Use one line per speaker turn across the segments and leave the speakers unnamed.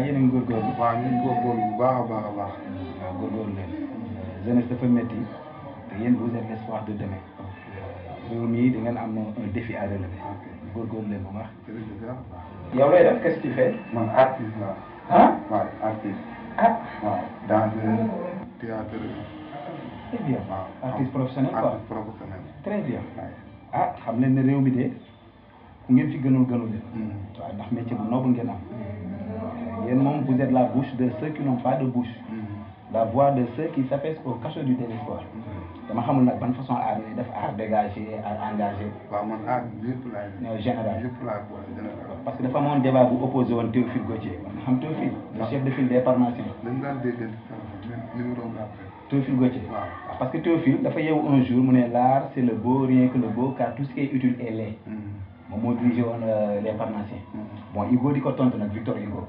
yéen a ngi góorgóorlu. waaw ñu ngi góorgóorlu bu baax a baax a baax. vous de demain réew un défi à relever góorgóorlu leen bu baax. yow qu'est-ce que tu fais. artiste Hein? artiste. ah waaw théâtre. très bien artiste professionnel artiste professionnel. très bien ah xam ne réew de ku ngeen fi gënul gënul un mm. ndax métier mm vous êtes la bouche de ceux qui n'ont pas de bouche mm-hmm. la voix de ceux qui s'affaissent au cachot du désespoir Je mm-hmm. xamul nag ban façon à ni def art dégagé art engagé waaw man art lépp laa non général lépp laa général parce que dafa mon débat vous oppose au Théophile Gautier man xam Théophile le chef de file des pharmaciens dañ daan le numéro après Théophile Gautier parce que Théophile dafa yeewu un jour l'art c'est le beau rien que le beau car tout ce qui est utile est laid mm-hmm. moom moo dirigé woon euh, les pharmaciens bon Hugo dit ko tontu nag Victor Hugo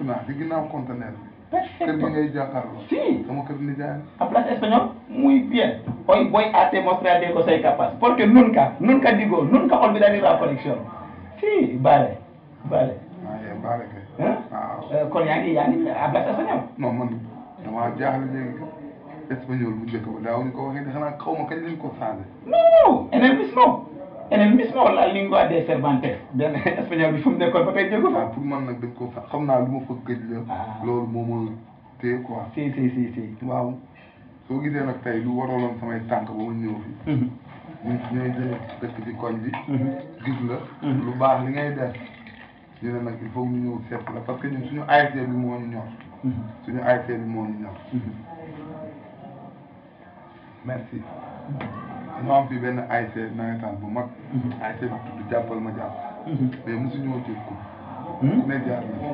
Moussa di ginnaaw conteneur. kër gi ngay jàkkaarloo. si sama kër nijaay la. hablas español muy bien. hoy voy a demostrarte que soy capaz porque nunca nunca digo nunca olvidaré la conexión si vale vale. Ah, waaw vale kay. waaw kon yaa ngi yaa ngi hablas español. non man damaa jaaxle léegi espagnol bu njëkk ba daawuñu ko waxee xanaa xaw ma kañ lañ ko changé. non non enen misma walla lingo adde servante benn espagnol bi fu mu nekkoon ba tey jógu fa ah, pour man nag dañ ko fa xam naa lu ma fa gëj la ah. loolu moo ma téye quoi si si si si waaw soo gisee nag tey lu waraloon samay tànk ba ma ñëw fi mhm. ñu ñooy jëlee dëkk ci koñ bi mhm. gis la mhm. lu baax li ngay def ñu ne nag il faut ñu ñëw sepp la parce que ñun suñu ASC bi moo ñu ñor suñu ASC bi moo ñu ñor mu am fi benn ASC nawetaan bu mag. Mhm. ASC bi tudd jàppal ma jàpp. Mhm. mais mosu ñëw ci coupe. ne jaar na fi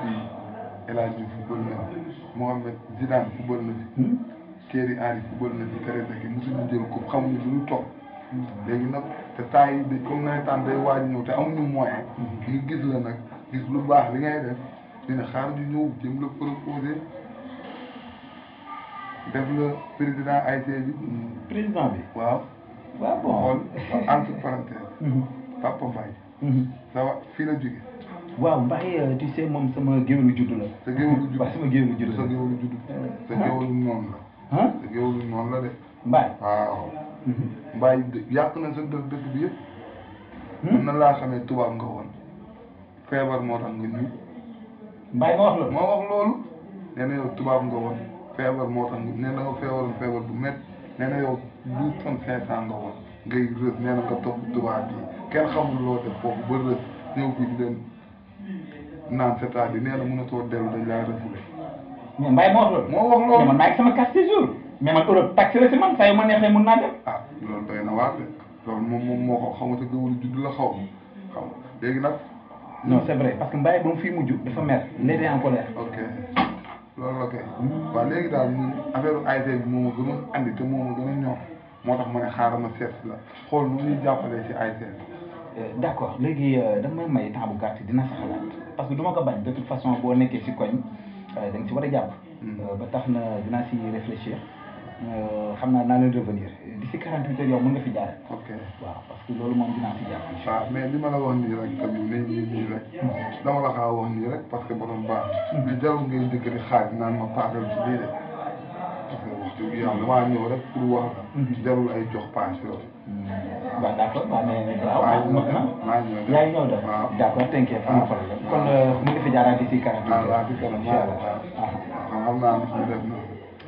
fii El Hadj Diouf football na fi Mohamed Zidane football na fi. jël hmm? coupe xamuñu lu ñu toog. Hmm. léegi nag te temps yi dañ comme nawetaan day waaj ñëw te amuñu moyen. ñu hmm. gis la nag gis lu baax li ngay def ñu xaar ñu ñëw jëm la proposé. def nga président ASC e bi. président bi waaw. waaw bon xool entre parenthèses. Mhm. Papa Mbaye. Mhm. ça va fii la jóge waaw Mbaye euh, tu sais moom sama géwélu juddu la. sa géwélu juddu waaw sama géwélu juddu la sa géwélu juddu. Euh, sa ah. géwélu noonu la. sa géwélu noonu la de. Mbaye waaw. Mhm. Mbaye yàq na sa dëkk dëkk bi yëpp. Hmm? nan laa xamee tubaab nga woon. feebar moo tax nga ñuul. Mbaye moo wax loolu. moo wax loolu. nee na yow tubaab nga woon. feebar moo tax nee na nga feebaroon feebar bu métti nee na yow douze tonnes cinq cent nga woon ngay rës nee na nga topp tubaab bi kenn xamul loo def foofu ba rës ñëw fii di leen naan c'est-à-dire nee na mënatoo dellu dañ laa refoulé. mais Mbaye moo wax loolu. moo wax loolu mais man maa ngi sama carte de jour mais man Europe taxi la si man saa yu ma neexee mun naa dem. ah loolu doy na waar de loolu moom moom moo ko xamante gëwul judd la xaw ma xam léegi nag. non c'est vrai parce que Mbaye ba mu fii mujj dafa mer. léegi en colère. ok. loolu la léegi daal mu affaire ASC e bi moom moo gën a andi te moom moo gën a ñor moo tax ma ne xaaral ma seet la xool nu ñuy jàppalee ci ASC e bi. Eh, d' accord léegi euh, damay may temps bu gàtt dina sa parce que duma ma ko bañ de toute façon boo nekkee si koñ euh, da nga si war a jàpp. Hmm. Euh, ba tax na dina si réfléchir. Euh, xam naa naa leen revenir d'ici 48 heures yow mën nga fi jaar. ok waaw parce que loolu moom dinaa fi jaar. waaw ah, mais li ma la wax nii rek tamit nii nii nii rek. Hmm. dama la xaw wax nii rek parce que borom baax. mais hmm. jarul ngay dëgg di xaar naan ma paasal ci lii rek. parce que waxtu bi yàlla damaa ñëw rek pour wax la. Hmm. jarul ay jox paas yooyu. waaw d' accord waaw mais. waaw maa ngi ñëw de yaa ngi ñëw de. waaw d' accord t'inquiète amul problème. kon euh, mën nga fi jaaraat d'ici 48 ah, heures. waaw waaw d'ici 48 heures. incha allah waaw xam naa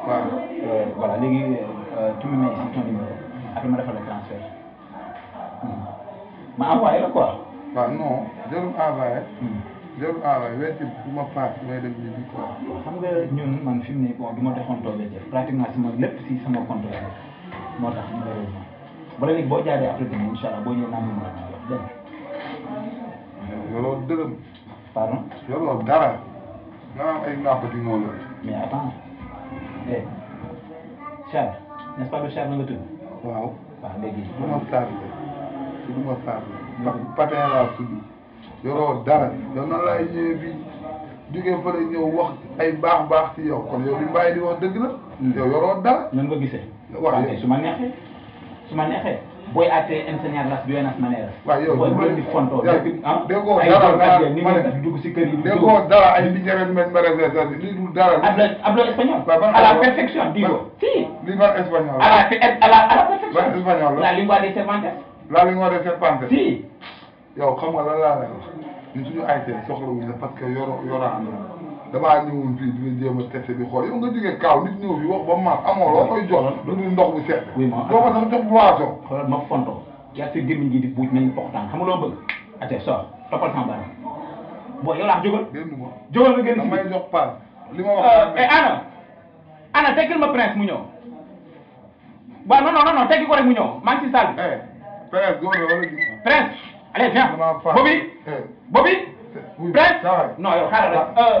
waaw euh, voilà léegi tu me mets ici ton numéro après ma defal la transfert hmm. ma envoyé la quoi. waaw non jarul envoyé. jarul hmm. envoyé weesu bu ma paas may dem ñu quoi. xam nga ñun man fi mu ne bon du ma defoon tool pratiquement sama lépp si sama compte la moo tax malheureusement wala léegi boo jaaree après dinañ incha allah boo ñëwee naa mën a jox dégg nga. yoroo dërëm. pardon. yoroo dara. nga am ay naafati moo yor. mais dégg Charles n'est-ce pas du Charles waaw waaw léegi. du ma Charles de du ma Charles ndax patin laa yoroo dara yow nan laay ñëwee bi jugee fële ñëw wax ay baax baax ci yow kon yow li di wax dëgg la. yoroo dara. nan nga gisee. su ma neexee su ma neexee. booy àttee enseñar las buenas maneras. waaw yow booy booy di fontoo. déggoo dara dara ni ñu dugg si kër yi. déggoo dara ay li njëriñ mel ma rafet lii du dara. hablo hablo espagnol. à la perfection digo. si li ban espagnol. à la à la à la perfection. la. la lingua de Cervantes. la lingua de Cervantes. si. yow xam nga la la lay wax ñun suñu aytee soxla wuñ la parce que yoro yoro am damaa ñëwoon fii di jéem a teste bi xool yow nga jógee kaaw nit ñëw fi wax ba mar amoo loo koy jox lu dul ndox bu set. ma boo ko sax jox boisson. xoolal ma fonto gerte gémmiñ gi di buuj nañu poxtaan xam nga loo bëgg. ate so toppal sama baram boo yow laa jógal. génn ma jógal nga génn si may jox paas li ma wax. Euh, eh ma prince mu ñëw waaw non non non tekki ko rek mu ñëw maa ngi si salle bi. Eh, prince góor la wala prince allez viens. Bobby eh. Bobby eh, prince non yow xaaral rek. Ah. Euh,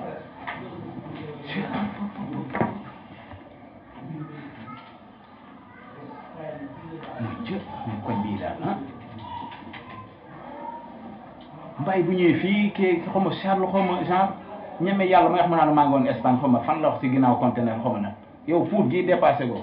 mbay bu ñëwee fii ki xaw ma Charles xaw ma genre ñeme yàlla may wax ma naan maa ngi woon Espagne fan la wax si ginnaaw conteneur xaw ma nag yow fuut gii dépassé ko.